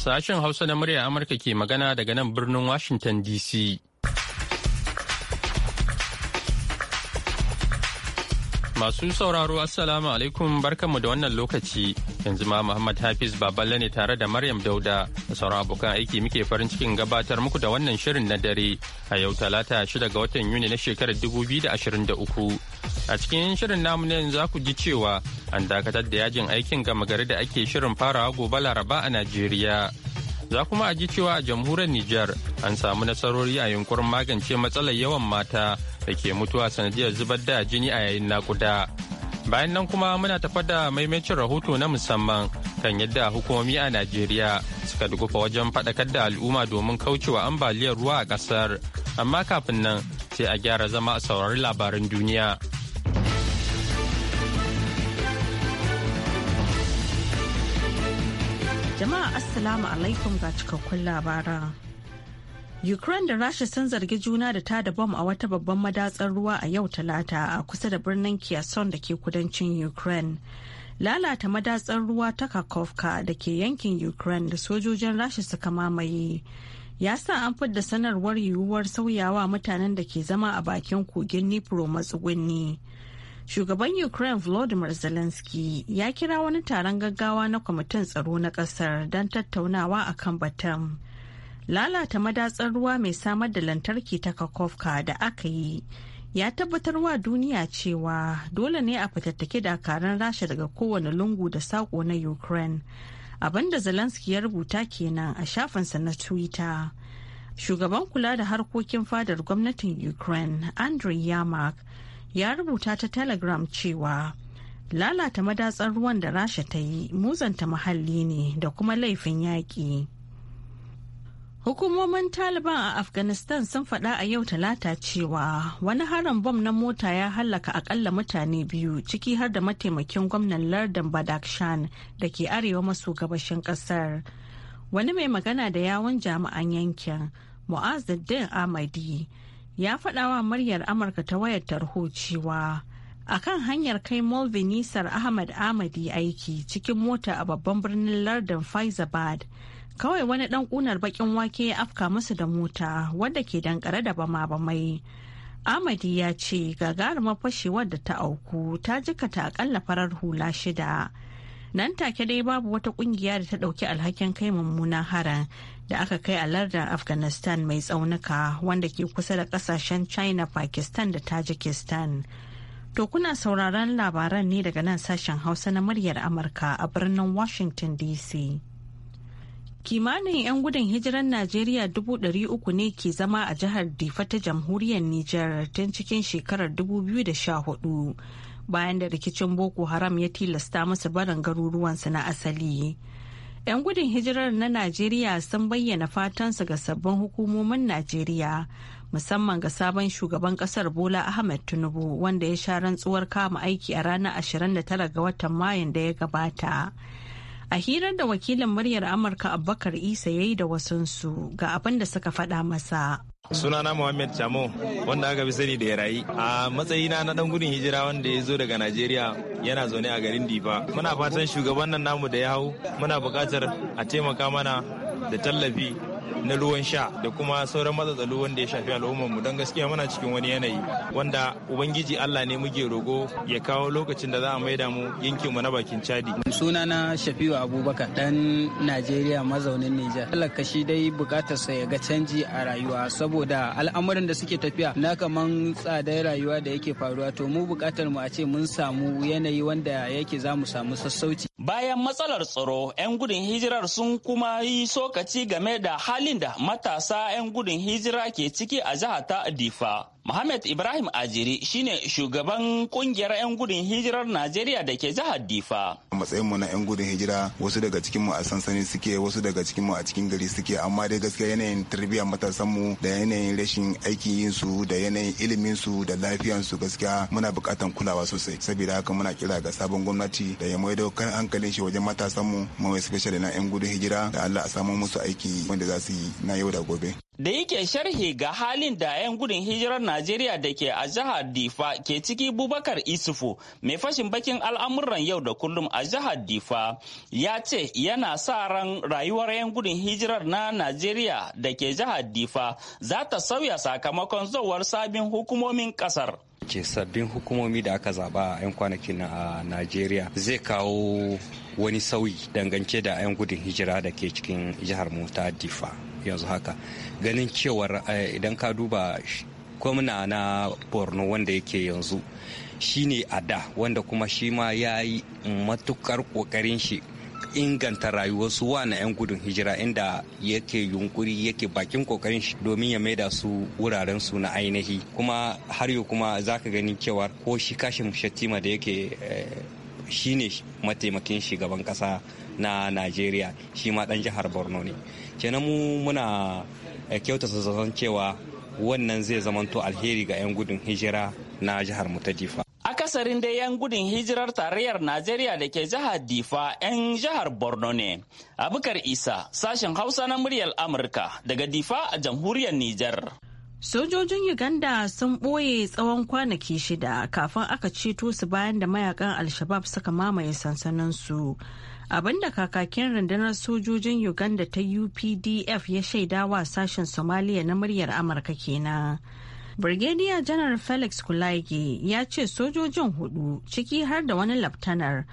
Sashen Hausa na murya Amurka ke magana daga nan birnin Washington DC. Masu sauraro Assalamu alaikum barkanmu da wannan lokaci yanzu ma Muhammad Hafiz Baballe ne tare da Maryam Dauda da sauran abokan aiki muke farin cikin gabatar muku da wannan shirin na dare a yau talata shida ga watan Yuni na shekarar 2023. A cikin shirin namu ne yanzu za ku ji cewa an dakatar da yajin aikin gama gari da ake shirin farawa gobe Laraba a Najeriya. Za kuma a ji cewa a jamhuriyar Nijar an samu nasarori a yunkurin magance matsalar yawan mata da ke mutuwa sanadiyar zubar da jini a yayin nakuda. Bayan nan kuma muna tafa da maimacin rahoto na musamman kan yadda hukumomi a Najeriya suka dukufa wajen faɗakar da al'umma domin kauce wa ambaliyar ruwa a ƙasar. Amma kafin nan sai a gyara zama a saurari labarin duniya. Jama'a Assalamu alaikum ga cikakkun labara Ukraine da Rasha sun zargi juna da ta da bom a wata babban madatsar ruwa a yau talata a kusa da birnin Kherson da ke kudancin Ukraine. Lalata madatsar ruwa ta Kakovka da ke yankin Ukraine da sojojin Rasha suka mamaye. Ya sa an fidda sanarwar yiwuwar sauyawa mutanen da ke zama a bakin kogin Nipro matsugunni. shugaban ukraine volodymyr zelensky ya kira wani taron gaggawa na kwamitin tsaro na kasar don tattaunawa a kan batun lalata madatsar ruwa mai samar da lantarki ta kakovka da aka yi ya tabbatar wa duniya cewa dole ne a fitattake dakarun rasha daga kowane lungu da saƙo na ukraine abinda zelensky ya rubuta kenan a shafinsa na twitter shugaban kula da harkokin fadar gwamnatin ukraine andrei yamak ya rubuta ta telegram cewa lalata madatsar ruwan da rasha ta yi muzanta muhalli ne da kuma laifin yaƙi. Hukumomin Taliban a Afghanistan sun faɗa a yau talata cewa wani harin bom na mota ya hallaka akalla mutane biyu ciki har da mataimakin gwamnan lardin badakshan da ke arewa maso gabashin ƙasar. Wani mai magana da yawon jami'an yankin Mu'azzuddin amadi ya faɗawa muryar amurka ta wayar tarho cewa a kan hanyar kai nisar Ahmad Amadi aiki cikin mota a babban birnin lardin Faizabad. Kawai wani ɗan ƙunar bakin wake ya afka musu da mota wadda ke dankare da bama bamai. amadi ya ce gagarumar fashewar da ta auku ta jikata akalla farar hula shida. Nan take dai babu wata kungiya da ta dauki alhakin kai mummunan haran da aka kai a lardin afghanistan mai tsaunuka wanda ke kusa da kasashen china pakistan da tajikistan to kuna sauraron labaran ne daga nan sashen hausa na muryar amurka a birnin washington dc kimanin 'yan gudun hijirar najeriya 300 ne ke zama a jihar difa ta jamhuriyar niger tun cikin shekarar 2014 bayan da rikicin boko haram ya tilasta musu barin garuruwansu na asali 'Yan gudun hijirar na Najeriya sun bayyana fatansu ga sabbin hukumomin Najeriya. musamman ga sabon shugaban kasar bola ahmed tinubu wanda ya sha rantsuwar kama aiki a ranar 29 ga watan mayun da ya gabata a hirar da wakilin muryar amurka abubakar isa ya yi da wasunsu ga abin da suka faɗa masa Sunana Muhammad Chamo wanda aka fi sani da ya rayu. A matsayina na dan gudun hijira wanda ya zo daga Najeriya yana zaune a garin Difa. Muna fatan shugaban nan namu da ya hau muna buƙatar a taimaka mana da tallafi na ruwan sha da kuma sauran matsatsalu wanda ya shafi mu don gaskiya muna cikin wani yanayi wanda ubangiji allah ne muke rogo ya kawo lokacin da za a maida mu mu na bakin cadi sunana shafiu abubakar dan najeriya mazaunin nijar talaka shi dai sa ya ga canji a rayuwa saboda al'amuran da suke tafiya na kaman tsadar rayuwa da yake faruwa to mu bukatar mu a ce mun samu yanayi wanda yake za mu samu sassauci bayan matsalar tsaro 'yan gudun hijirar sun kuma yi sokaci game da hali halin da matasa 'yan gudun hijira ke ciki a jihar ta Difa Muhammad Ibrahim Ajiri shine shugaban kungiyar 'yan gudun hijirar Najeriya da ke jihar Difa. matsayin mu na 'yan gudun hijira wasu daga cikin mu a sansani suke wasu daga cikin mu a cikin gari suke amma dai gaskiya yanayin tarbiyyar matasan mu da yanayin rashin aikin yin su da yanayin ilimin su da lafiyan su gaskiya muna bukatan kulawa sosai saboda haka muna kira ga sabon gwamnati da ya maido kan hankalin shi wajen matasan mu mai special na 'yan gudun hijira da Allah a samu musu aiki wanda za su yi na yau da gobe. da yake sharhi ga halin da 'yan gudun hijirar Najeriya da ke a jihar Difa ke ciki Bubakar Isufu mai fashin bakin al'amuran yau da kullum a jihar Difa ya ce yana sa ran rayuwar 'yan gudun hijirar na Najeriya da ke jihar Difa za ta sauya sakamakon zowar sabin hukumomin kasar. ke sabbin hukumomi da aka zaba a 'yan kwanakin a Najeriya zai kawo wani sauyi dangance da 'yan gudun hijira da ke cikin jihar mu Difa yanzu haka. ganin cewar eh, idan ka duba gwamna na borno wanda yake yanzu shi ne a da wanda kuma shi ma ya yi matukar kokarin shi inganta rayuwarsu wa na 'yan gudun hijira inda yake yunkuri yake bakin kokarin shi domin ya maida su wuraren su na ainihi kuma har yau kuma za ka gani cewa ko shi kashin shatima da yake eh, shine ne mataimakin shugaban kasa na najeriya shi ma dan jihar borno ne kenan mu muna a kyautata zaton cewa wannan zai zamanto alheri ga 'yan gudun hijira na jihar mu ta difa akasarin dai 'yan gudun hijirar tarayyar najeriya da ke jihar difa 'yan jihar borno ne abukar isa sashen hausa na muryar amurka daga difa a jamhuriyar nijar Sojojin Uganda sun ɓoye tsawon kwanaki shida kafin aka ceto su bayan da mayakan Alshabab suka mamaye sansanin su abinda kakakin rundunar sojojin uganda ta updf ya shaida wa sashen somaliya na muryar amurka kenan Brigadier Janar Felix Kulage ya ce sojojin hudu ciki har da wani laftanar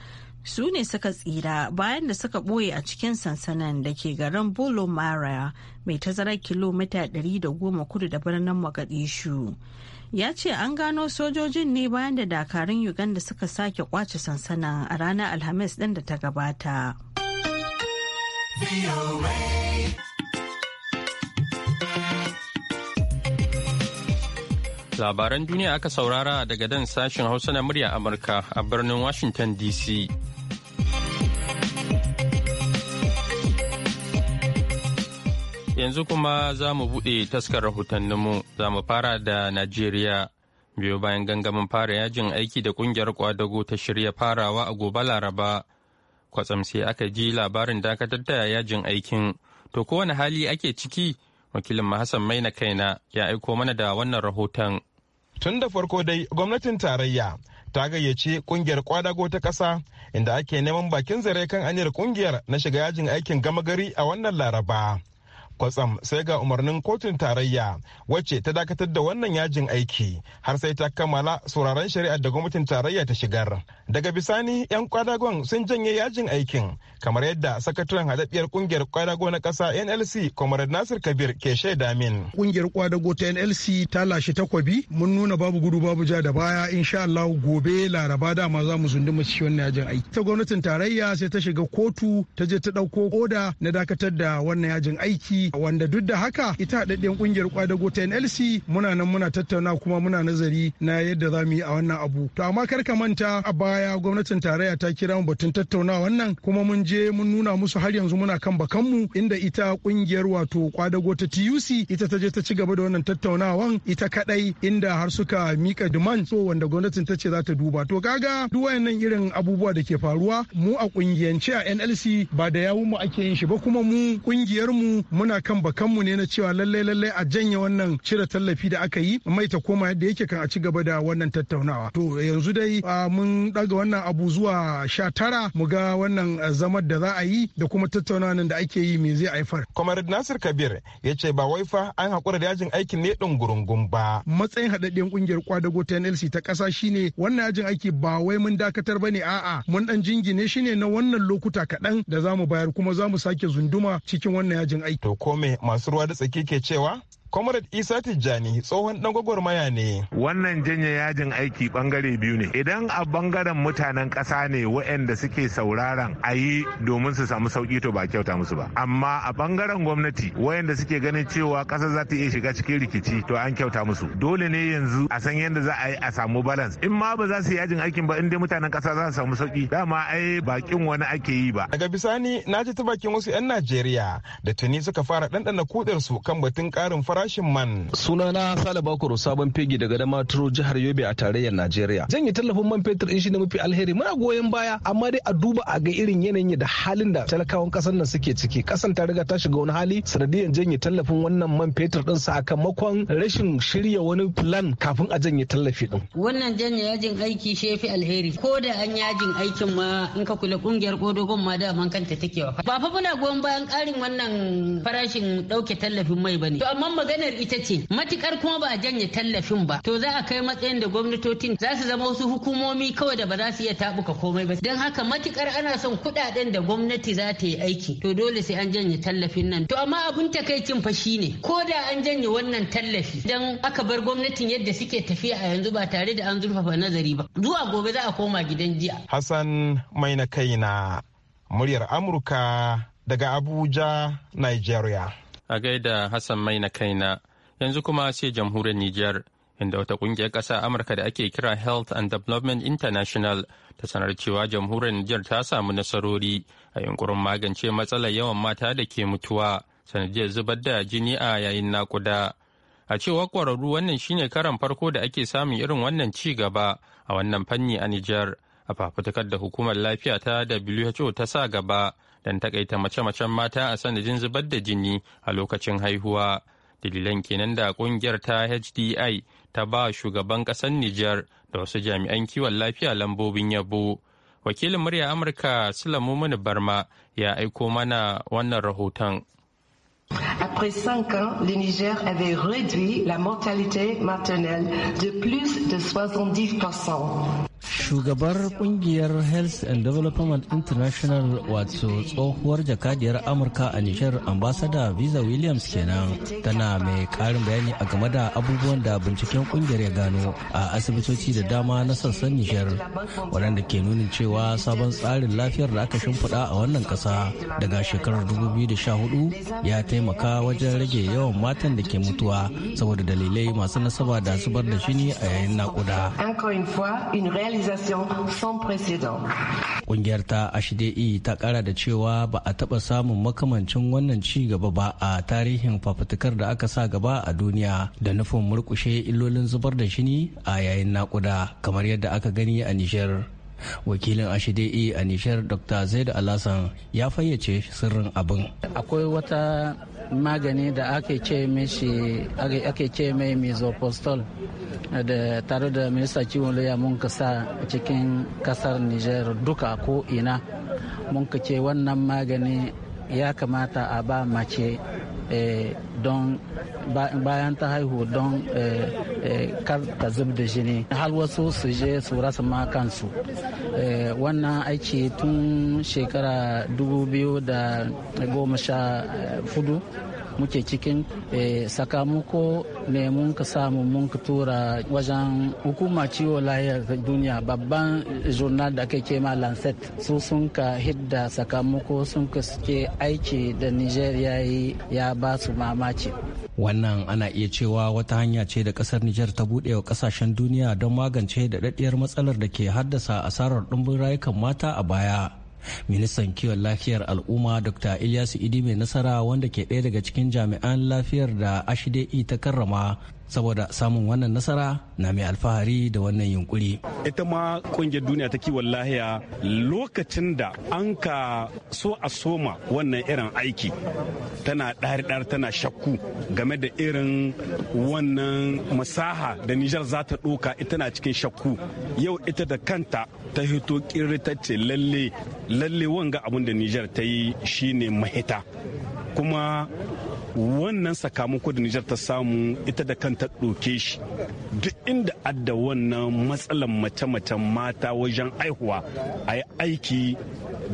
su ne suka tsira bayan da suka ɓoye a cikin sansanin da ke garin Bolo Mara mai tazarar kilomita 110 kudu da birnin Mogadishu. ya ce an gano sojojin ne bayan da dakarun uganda suka sake kwace sansanin a ranar alhamis ɗin da ta gabata. Labaran duniya aka saurara daga dan sashen Hausa na murya Amurka a birnin Washington DC. Yanzu kuma za mu buɗe taskar rahotanninmu za mu fara da Najeriya. Biyo bayan gangamin fara yajin aiki da ƙungiyar kwadago ta shirya farawa a gobe Laraba. Kwatsam sai aka ji labarin dakatar da yajin aikin. To kowane hali ake ciki? Wakilin Hassan na kaina ya aiko mana da wannan rahoton. Tun da farko dai gwamnatin tarayya ta gayyace kungiyar kwadago ta ƙasa inda ake neman bakin zare kan aniyar kungiyar na shiga yajin aikin gama gari a wannan laraba kwatsam sai ga umarnin kotun tarayya wacce ta dakatar da wannan yajin aiki har sai ta kammala sauraron shari'ar da gwamnatin tarayya ta shigar daga bisani 'yan kwadagon sun janye yajin aikin kamar yadda sakataren haɗaɗɗiyar ƙungiyar kwadago na kasa nlc comrade nasir kabir ke shaida min ƙungiyar kwadago ta nlc ta lashe takwabi mun nuna babu gudu babu ja da baya insha allahu gobe laraba dama za mu mu ci wannan yajin aiki ta gwamnatin tarayya sai ta shiga kotu ta je ta ɗauko oda na dakatar da wannan yajin aiki wanda duk da haka ita haɗaɗɗen ƙungiyar kwadago ta NLC muna nan muna tattauna kuma muna nazari na yadda za mu yi a wannan abu. To amma kar ka manta a baya gwamnatin tarayya ta kira mu batun tattauna wannan kuma mun je mun nuna musu har yanzu muna kan bakanmu inda ita ƙungiyar wato kwadago ta TUC ita ta je ta ci gaba da wannan tattaunawan ita kadai inda har suka mika demand so wanda gwamnatin ta ce za ta duba. To kaga duk wayannan irin abubuwa da ke faruwa mu a ƙungiyance a NLC ba da yawun mu ake yin shi ba kuma mu ƙungiyar mu muna kan kan bakanmu ne na cewa lallai lallai a janye wannan cire tallafi da aka yi mai ta koma yadda yake kan a ci gaba da wannan tattaunawa to yanzu dai mun daga wannan abu zuwa sha tara mu ga wannan zamar da za a yi da kuma tattaunawa da ake yi me zai haifar comrade nasir kabir ya ce ba wai fa an hakura da yajin aikin ne ɗin gurungun ba matsayin haɗaɗɗen ƙungiyar kwadago ta nlc ta kasa shine wannan yajin aiki ba wai mun dakatar ba ne a'a mun dan jingine shine na wannan lokuta kaɗan da za mu bayar kuma za mu sake zunduma cikin wannan yajin aiki ko me masu ruwa da tsaki ke cewa Comrade Isa Tijjani tsohon dan gwagwarmaya ne. Wannan janye yajin aiki bangare biyu ne. Idan a bangaren mutanen ƙasa ne waɗanda suke sauraron a yi domin su samu sauki to ba kyauta musu ba. Amma a bangaren gwamnati waɗanda suke ganin cewa ƙasa za ta iya shiga cikin rikici to an kyauta musu. Dole ne yanzu a san yadda za a yi a samu balance. In ma ba za su yi yajin aikin ba in dai mutanen ƙasa za su samu sauki dama ai bakin wani ake yi ba. Daga bisani na ji ta bakin wasu 'yan Najeriya da tuni suka fara ɗanɗana kuɗarsu kan batun ƙarin fara farashin man. Suna na Sale Bakuru sabon fegi daga Damaturu jihar Yobe a tarayyar Najeriya. Janye tallafin man fetur in shi ne mafi alheri muna goyon baya amma dai a duba a ga irin yanayin da halin da talakawan kasar nan suke ciki. Kasan ta riga ta shiga wani hali sanadiyan janye tallafin wannan man fetur din sakamakon rashin shirya wani plan kafin a janye tallafi din. Wannan janye yajin aiki shefi alheri ko da an yajin aikin ma in ka kula kungiyar kodogon ma da man kanta take wa. Ba fa muna goyon bayan karin wannan farashin dauke tallafin mai bane. To amma maganar ita ce matukar kuma ba a janye tallafin ba to za a kai matsayin da gwamnatocin za su zama wasu hukumomi kawai da ba za su iya tabuka komai ba don haka matukar ana son kuɗaɗen da gwamnati za ta yi aiki to dole sai an janye tallafin nan to amma abun takaicin fa shine ko da an janye wannan tallafi dan aka bar gwamnatin yadda suke tafiya a yanzu ba tare da an zurfafa nazari ba zuwa gobe za a koma gidan jiya hassan mai na kaina muryar amurka daga abuja nigeria a gaida Hassan Mai na kaina yanzu kuma sai jamhuriyar Nijar inda wata kungiyar ƙasa Amurka da ake kira Health and Development International ta sanar cewa jamhuriyar Nijar ta samu nasarori a yunkurin magance matsalar yawan mata da ke mutuwa sanadiyar zubar da jini a yayin nakuda. A cewa kwararru wannan shine karan farko da ake samun irin wannan ci gaba a wannan fanni a Nijar a fafutukar da hukumar lafiya ta WHO ta sa gaba dan takaita mace-macen mata a sanadin zubar da jini a lokacin haihuwa. Dalilan kenan da kungiyar ta HDI ta ba shugaban ƙasar Nijar da wasu jami'an kiwon lafiya lambobin yabo. Wakilin murya Amurka Sulamu Mini Barma ya aiko mana wannan rahoton. Après cinq ans, le Niger avait réduit la mortalité maternelle de plus de 70%. Shugabar kungiyar Health and Development International wato tsohuwar jakadiyar Amurka a Nishar ambasada Visa Williams kenan tana mai karin bayani a game da abubuwan da binciken kungiyar ya gano a asibitoci da dama na sassan Nishar waɗanda ke nunin cewa sabon tsarin lafiyar da aka shimfiɗa a wannan ƙasa daga shekarar 2014 ya taimaka wajen rage yawan matan da ke mutuwa saboda dalilai masu nasaba da zubar da shini a yayin naƙuda. réalisation sans précédent. Kungiyar ta HDI e ta kara da cewa ba a taɓa samun makamancin wannan ci gaba ba a tarihin fafutukar da aka sa gaba a duniya da nufin murkushe illolin zubar da shini a yayin nakuda kamar yadda aka gani a Nijar. wakilin e a nishar dr zaid alasan ya fayyace sirrin abin akwai wata magani da ake ce mai ake ce mai da tare da minista ciwon laya mun kasa cikin kasar niger duka ko ina mun ce wannan magani ya kamata a ba mace Eh, don bayan ta haihu don eh, eh, kar ta zub da jini har wasu su je su rasa ma kansu wannan aiki tun shekara 2014 muke cikin eh, sakamako ne mun ka samu mun ka tura wajen hukuma ciwo layar duniya babban journal da ake kema lancet su sun ka hidda sakamako sun ka suke aiki da niger ya ba su mamaci wannan ana iya cewa wata hanya ce da kasar niger ta buɗe wa kasashen duniya don magance da matsalar da ke haddasa asarar ɗumbin rayukan mata a baya ministan kiwon lafiyar al'umma dr ilyasu idi mai nasara wanda ke ɗaya daga cikin jami'an lafiyar da ashide e ta karrama saboda samun wannan nasara na mai alfahari da wannan yunkuri. Ita ma kungiyar duniya ta kiwon lahiya lokacin da an ka so a soma wannan irin aiki tana ɗari-ɗari tana shakku game da irin wannan masaha da Nijar za ta ɗoka ita na cikin shakku yau ita da kanta ta hito ta ce lalle lalle wanga abin da Nijar ta yi shine mahita kuma wannan sakamako da Nijar ta samu ita da kanta ɗauke shi duk inda adda wannan matsalan mace-macen mata wajen aihuwa a yi aiki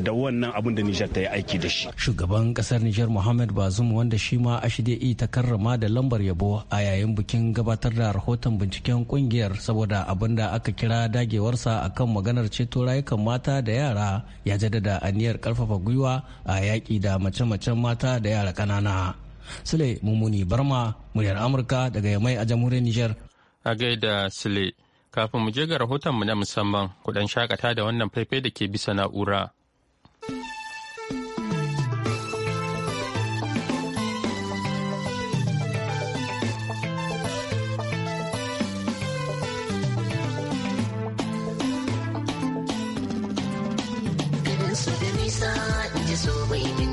da wannan abin da Nijar ta yi aiki da shi. Shugaban ƙasar Nijar Muhammad Bazum wanda shi ma a ashide e ta karrama da lambar yabo a yayin bikin gabatar da rahoton binciken kungiyar saboda abin da aka kira dagewarsa a kan maganar ceto rayukan mata da yara ya jaddada aniyar karfafa gwiwa a yaƙi da mace-macen mata da yara ƙanana. Sule Mummuni Barma, muryar Amurka daga Yamai a jamhuriyar Nijar. A gaida Sule, kafin mu je ga rahoton mu na musamman kudan shakata da wannan faifai da ke bisa na'ura. so bai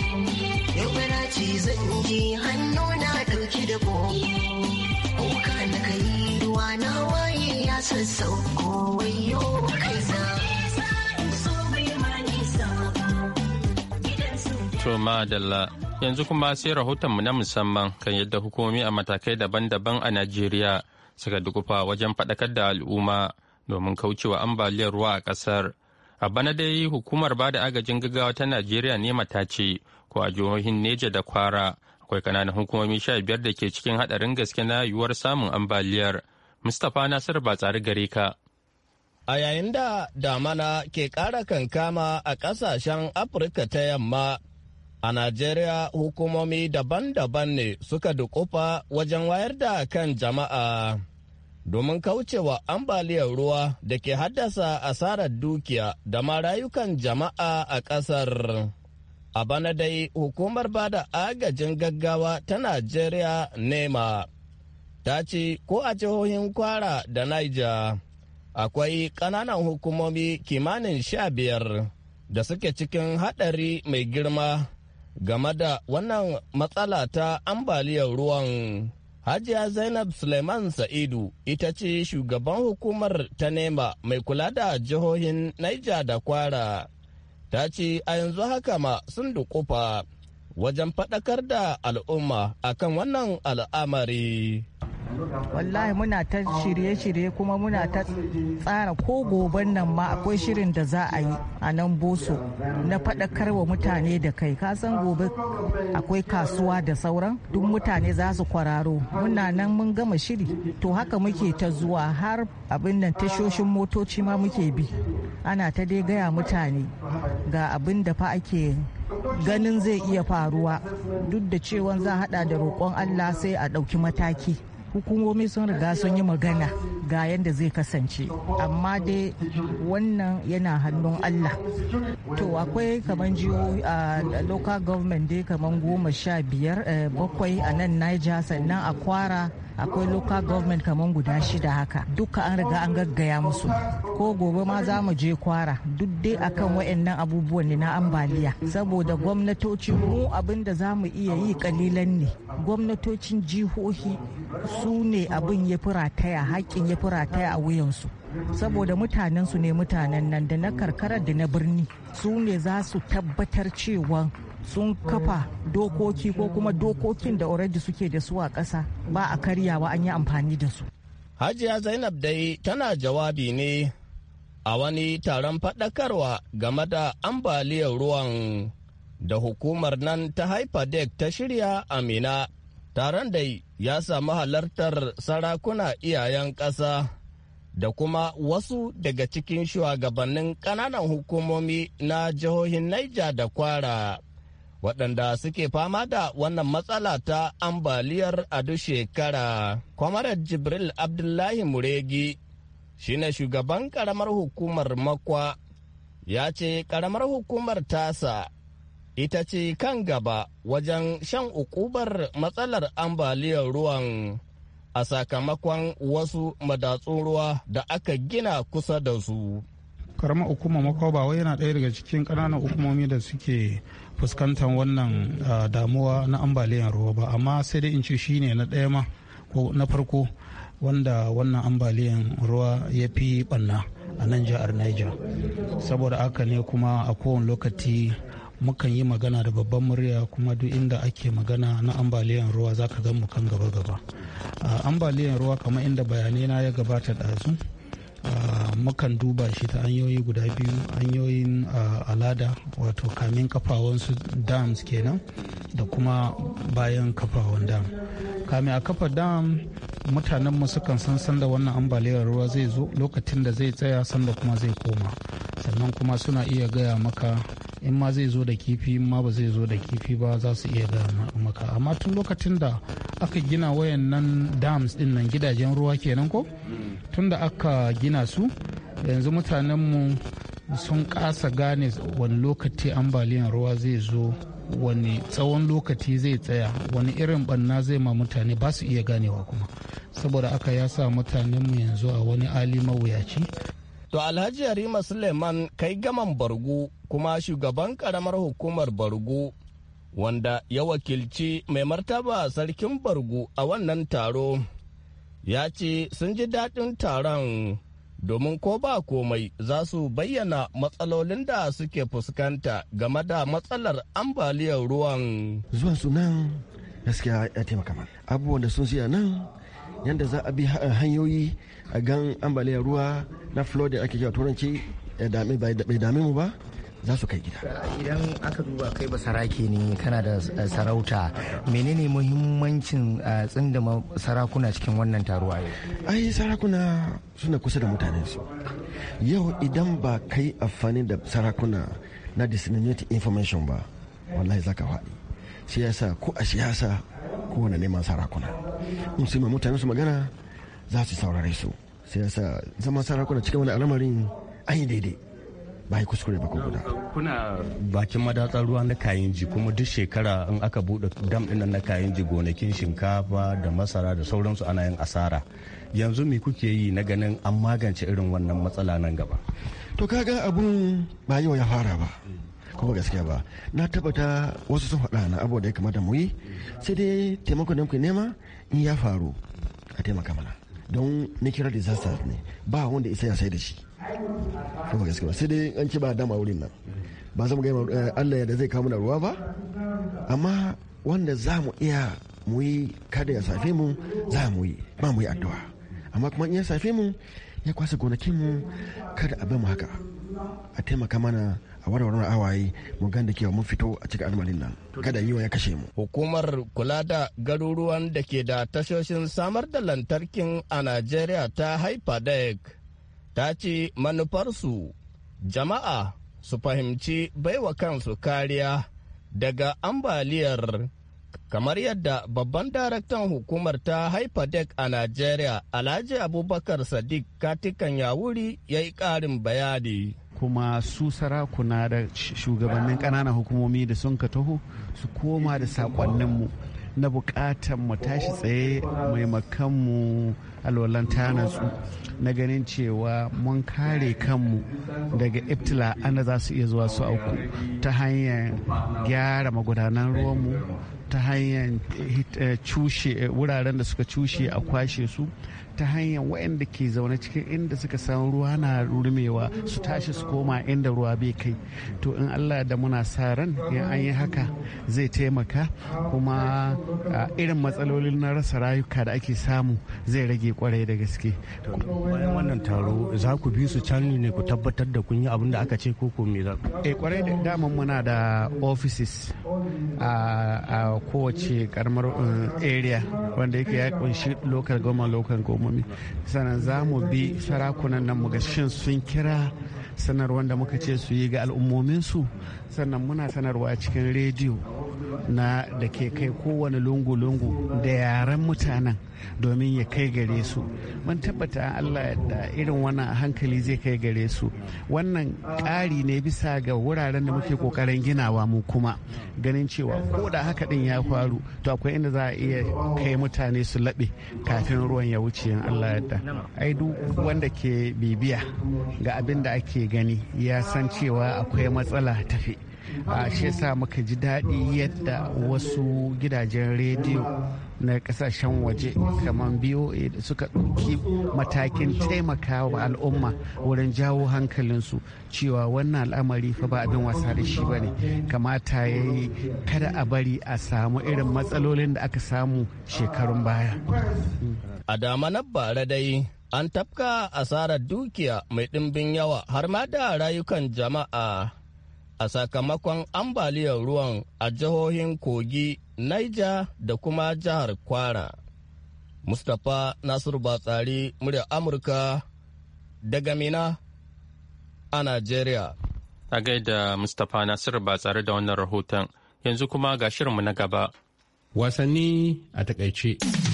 faraci zan yi hannu na ɗauki da ko kuka na kai ruwa na waye ya sassauko yau kai za To madalla yanzu kuma sai rahotonmu na musamman kan yadda hukumomi a matakai daban-daban a Najeriya suka dukufa wajen faɗakar da al'umma domin kaucewa ambaliyar ruwa a ƙasar a bana dai hukumar bada agajin gaggawa ta najeriya ne ta ce ko a jihohin neja da kwara akwai kananan hukumomi sha biyar da ke cikin hadarin gaske na yiwuwar samun ambaliyar mustapha nasir ba tsari gare ka a yayin da damana ke kara kankama a kasashen afirka ta yamma A Najeriya hukumomi daban-daban ne suka dukufa wajen wayar da kan jama'a domin kaucewa ambaliyar ruwa da ke haddasa asarar dukiya da ma rayukan jama'a a ƙasar. A bana dai hukumar bada agajin gaggawa ta Najeriya nema ta ce ko a jihohin kwara da Niger akwai ƙananan hukumomi kimanin sha biyar da suke cikin haɗari mai girma game da wannan matsala ta ambaliyar ruwan. Hajiya Zainab Suleiman Sa'idu ita ce shugaban hukumar ta nema mai kula da jihohin Naija da Kwara. Ta ce a yanzu haka ma sun dukufa wajen faɗakar da al'umma akan wannan al'amari. wallahi muna ta shirye-shirye kuma muna ta tsara ko goben nan ma akwai shirin da za a yi a nan boso na faɗakar wa mutane da kai kasan gobe akwai kasuwa da sauran duk mutane za su kwararo muna nan mun gama shiri to haka muke ta zuwa har abin nan tashoshin motoci ma muke bi ana ta dai gaya mutane ga abin da fa ake ganin zai iya faruwa duk da cewa za a hada da roƙon allah sai a ɗauki mataki hukumomi sun riga sun yi magana ga yadda zai kasance amma dai wannan yana hannun allah to akwai kamar jihohi a local government dai kamar goma sha biyar eh, bakwai a nan niger sannan a kwara akwai local government kamar guda shida haka duka an riga an gaggaya musu ko gobe ma za mu je kwara duk dai akan waɗannan abubuwan ne na ambaliya saboda gwamnatocin mu abin da za mu iya yi kalilan ne gwamnatocin jihohi su ne abin ya rataya haƙƙin ya rataya a wuyansu saboda mutanen su ne mutanen nan da na karkarar da na birni su ne za su tabbatar cewa sun kafa dokoki ko kuma dokokin da already suke da su a ƙasa ba a karyawa an yi amfani da su hajiya zainab dai tana jawabi ne a wani taron faɗakarwa game da ambaliyar ruwan da hukumar nan ta haifadek ta shirya amina Taron da ya samu halartar sarakuna iyayen ƙasa da kuma wasu daga cikin shugabannin ƙananan hukumomi na jihohin Niger da Kwara. waɗanda suke fama da wannan matsala ta ambaliyar a duk shekara. Kwamarar Jibril Abdullahi Muregi shine shugaban ƙaramar hukumar Makwa ya ce ƙaramar hukumar tasa ita ce kan gaba wajen shan ukubar matsalar ambaliyar ruwan a sakamakon wasu madatsun ruwa da aka gina kusa da su. karamar hukuma makwaba wai yana daya daga cikin ƙananan hukumomi da suke fuskantar wannan damuwa na ambaliyar ruwa ba amma sai dai in ce shi ne na ɗaya ma ko na farko wanda wannan ambaliyar ruwa ya fi ɓanna a nan jihar niger saboda haka ne kuma a kowane lokaci mukan yi magana da babban murya kuma duk inda ake magana na ambaliyan ruwa za ka gan mu kan gaba gaba ambaliyan ruwa kamar inda bayanai na ya gabata su mukan duba shi ta hanyoyi guda biyu hanyoyin alada wato kamin kafawansu dams kenan da kuma bayan kafawan dam kamin a kafa dam mutanenmu sukan san sanda wannan ambaliyar ruwa zai zo lokacin da zai tsaya sanda kuma zai koma sannan kuma suna iya gaya maka in ma zai zo da kifi in ma ba zai zo da kifi ba za su iya ga maka amma tun lokacin da aka gina wayan nan dams din nan gidajen ruwa kenan ko tun da aka gina su yanzu mutanenmu sun kasa gane wani lokaci ambaliyan ruwa zai zo wani tsawon lokaci zai tsaya wani irin banna zai ma mutane ba su iya ganewa kuma saboda aka ya sa mutanenmu yanzu a wani ali mawuyaci To Alhaji Yarima Suleiman kai gaman Bargu kuma shugaban karamar hukumar Bargu wanda ya wakilci mai martaba sarkin Bargu a wannan taro ya ce sun ji daɗin taron domin ko ba komai za su bayyana matsalolin da suke fuskanta game da matsalar ambaliyar ruwan. Zuwan sunan gaskiya ya taimaka mana. Abubuwan da sun siya nan yadda za a bi hanyoyi a gan ambaliyar ruwa na flooding ake cewa turanci bai dame mu ba za su kai gida. Idan aka duba kai ba sarake ne kana da eh, sarauta menene muhimmancin eh, tsinda sarakuna cikin wannan taruwa yau? Ai sarakuna suna kusa da mutanen su. Yau idan ba kai amfani da sarakuna na disseminated information ba wallahi zaka faɗi. Siyasa ko a siyasa ko wani neman sarakuna. In su mutanen su magana za su saurare su. sai yasa zama sarakuna cikin wani al'amarin an yi daidai ba yi kuskure ba kuma kuna bakin madatsar ruwa na kayanji kuma duk shekara in aka bude dam ɗin na kayanji gonakin shinkafa da masara da sauransu ana yin asara yanzu me kuke yi na ganin an magance irin wannan matsala nan gaba to kaga abun ba yau ya fara ba kuma gaskiya ba na tabbata wasu sun faɗa na abu da ya kamata mu yi sai dai taimakon da muke nema in ya faru a taimaka mana don natural disaster ne ba wanda isa ya sai da shi kuma gaske ba sai dai an ci ba dama wurin nan ba za mu gaima eh, Allah da zai kawo mana ruwa ba amma wanda za mu iya mu yi kada ya safe mu za mu yi ba mu yi addu'a amma kuma in ya safe mu ya kwasa gonakin mu kada a mu haka a taimaka mana a awaye mu gan da kewa mun fito a cikin almalin nan kada yi ya kashe mu hukumar kula da garuruwan da ke da tashoshin samar da lantarkin a Najeriya ta haifa dek ta ce manufarsu jama'a su fahimci baiwa kansu kariya daga ambaliyar kamar yadda babban daraktan hukumar ta haifa dek a najeriya alhaji abubakar sadiq katikan yawuri ya yi ƙarin bayani kuma su sarakuna da shugabannin ƙananan hukumomi da sun ka taho su koma da saƙonninmu na buƙatar mu tashi tsaye maimakan mu alwalan ta natsu na ganin cewa mun kare kanmu daga iftila da za su iya zuwa su auku ta hanyar gyara magudanan ruwanmu ta hanyar eh, cushe eh, wuraren da suka cushe a kwashe su ta hanyar waɗanda ke zaune cikin inda suka san ruwa na rumewa su tashi su koma inda ruwa bai kai to in allah da muna sa ran in an yi haka zai taimaka kuma ah, irin matsalolin na rasa rayuka da ake samu zai rage kwarai da gaske bayan wannan taro za ku bi su can ne ku tabbatar da kun yi abin da aka ce ko ko me za eh kwarai da daman muna da offices a kowace karamar eh, area wanda yake ya kunshi local government local government sannan za mu bi sarakunan nan mu ga shin sun kira sanarwar wanda muka ce su yi ga al'ummominsu sannan muna sanarwa a cikin rediyo na da ke kai kowane lungu-lungu da yaren mutanen domin ya kai gare su mun tabbata allah da irin wannan hankali zai kai gare su wannan ƙari ne bisa ga wuraren da muke kokarin ginawa mu kuma ganin cewa ko da haka din ya faru to akwai inda za a iya kai mutane su laɓe kafin ruwan ya wuce in allah yadda ai duk wanda ke bibiya ga abin da ake gani ya san cewa akwai matsala tafi a shi yasa muka ji daɗi yadda wasu gidajen rediyo na kasashen waje kamar biyu suka ɗauki matakin taimaka wa al'umma wurin jawo hankalinsu cewa wannan al'amari fa ba abin wasa da shi ba ne kamata ya yi kada a bari a samu irin matsalolin da aka samu shekarun baya. A na bara dai an tafka asarar dukiya mai ɗimbin yawa har ma da rayukan jama'a. a sakamakon ambaliyar ruwan a jihohin Kogi, Naija da kuma jihar Kwara. Mustapha Nasiru Batsari murya Amurka daga Mina a Najeriya. A gaida Mustapha Nasiru Batsari da wannan rahoton yanzu kuma ga shirinmu na gaba. Wasanni a takaice.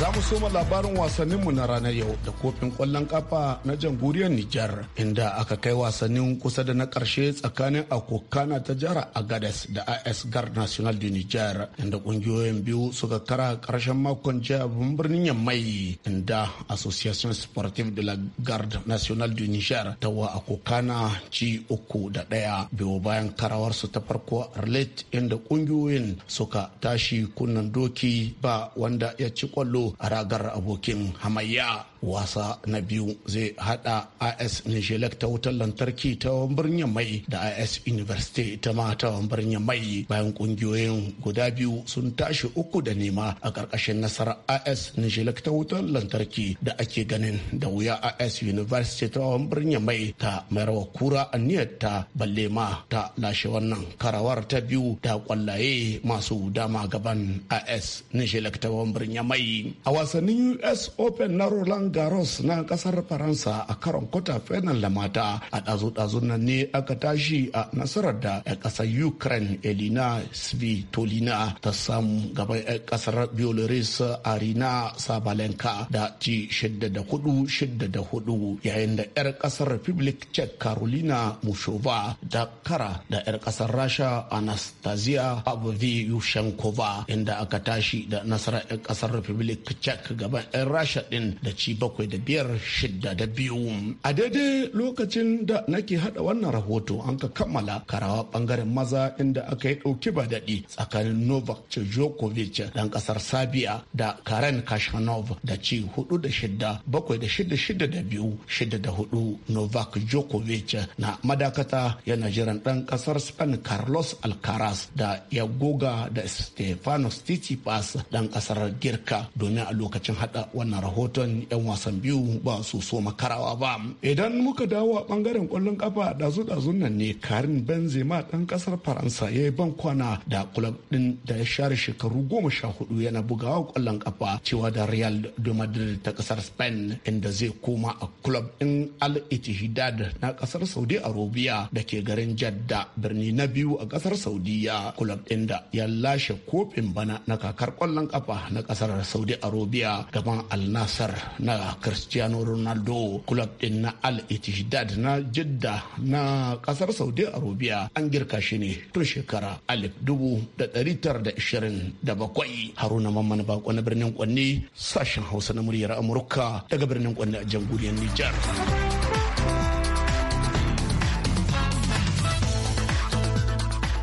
Za mu soma labarin wasanninmu na ranar yau da kofin kwallon kafa na jamhuriyar Nijar inda aka kai wasannin kusa da na karshe tsakanin Akokana ta jihar Agades da AS Gar National de Nijar inda kungiyoyin biyu suka kara karshen makon jiya birnin Yammai inda Association Sportive de la Garde National de Nijar ta wa Akokana ci uku da ɗaya biyu bayan karawarsu ta farko Arlet inda kungiyoyin suka tashi kunnan doki ba wanda ya ci kwallo a ragar abokin hamayya wasa na biyu zai hada is nijelek ta wutar lantarki ta birnin mai da is university ta mata birnin mai bayan kungiyoyin guda biyu sun tashi uku da nema a karkashin nasarar is nijelek ta wutar lantarki da ake ganin da wuya is university ta birnin mai ta mayarwa kura aniyar ta balle ma ta lashe wannan karawar ta biyu ta kwallaye masu dama gaban is nijelek ta birnin mai a wasannin us open na roland garros na kasar faransa a karon kwata final da mata a ɗazu-ɗazun na ne aka tashi a nasarar da a ƙasar ukraine elina svitolina ta samu gaban a ƙasar belarus arina sabalenka da ci 6 da 4 6 da 4 yayin da 'yar ƙasar republic czech carolina mushova da kara da 'yar ƙasar rasha anastasia aboviyushenkova inda aka tashi da nasarar yar ƙasar republic cak gaban 'yan rasha din da ci bakwai da biyar shidda da biyu a daidai lokacin da nake hada wannan rahoto an ka kammala karawa bangaren maza inda aka yi dauki ba daɗi tsakanin novak djokovic dan kasar sabia da karen kashanov da ci hudu da shidda bakwai da shidda shidda da biyu shidda da hudu novak djokovic na madakata yana jiran dan kasar spain carlos alcaraz da ya goga da stefanos tsitsipas dan kasar girka domin kenan a lokacin hada wannan rahoton yan wasan biyu ba su so makarawa ba idan muka dawo a bangaren kwallon kafa dazu dazun nan ne karin benzema dan kasar faransa ya yi ban kwana da kulab din da ya share shekaru goma sha hudu yana bugawa kwallon kafa cewa da real de madrid ta kasar spain inda zai koma a kulab din al ittihad na kasar saudi arabia da ke garin jadda birni na biyu a kasar saudiya kulab din da ya lashe kofin bana na kakar kwallon kafa na kasar saudi arabia gaban al na cristiano ronaldo club din na al itihdad na jidda na kasar saudi arabia an girka shi ne tun shekara alif dubu da dari tara da ishirin da bakwai haruna mamman bako na birnin kwanne sashen hausa na muryar amurka daga birnin kwanne a jamhuriyar nijar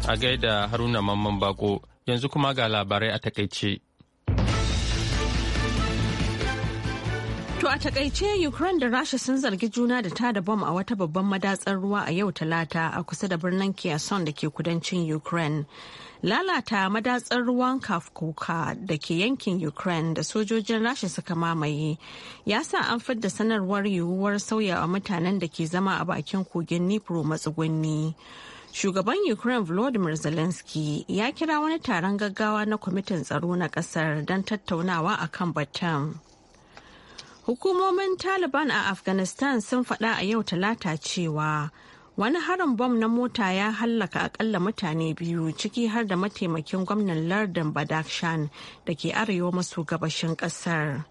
a gaida haruna mamman bako yanzu kuma ga labarai a takaice To a takaice Ukraine da Rasha sun zargi juna da tada bom a wata babban madatsar ruwa a yau talata a kusa da birnin Kherson da ke kudancin Ukraine. Lalata madatsar ruwan Kafkoka da ke yankin Ukraine da sojojin Rasha suka mamaye ya sa an fidda sanarwar yiwuwar sauyawa mutanen da ke zama a bakin kogin Nipro matsugunni. shugaban ukraine volodymyr zelensky ya kira wani taron gaggawa na kwamitin tsaro na kasar don tattaunawa akan kan batun Hukumomin Taliban a Afghanistan sun faɗa a yau talata cewa wani harin bom na mota ya hallaka akalla mutane biyu ciki har da mataimakin gwamnan lardin Badakhshan da ke arewa maso gabashin ƙasar.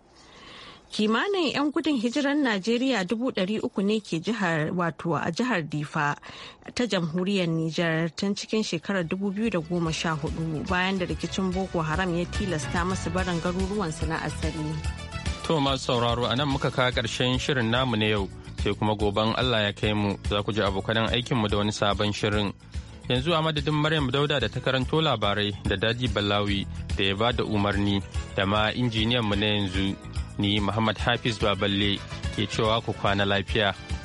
kimanin 'yan gudun hijirar najeriya 300 ne ke jihar wato a jihar difa ta jamhuriyar nijar tun cikin shekarar 2014 bayan da rikicin boko haram ya tilasta masu barin garuruwansu na asali. To masu sauraro a nan muka kawo ƙarshen shirin namu na yau sai kuma goben Allah ya kai mu za ku ji abokanan aikinmu da wani sabon shirin. Yanzu a madadin Maryam Dauda da ta karanto labarai da Daji Balawi da ya ba da umarni da ma injiniyan mu na yanzu ni Muhammad Hafiz Baballe ke cewa ku kwana lafiya.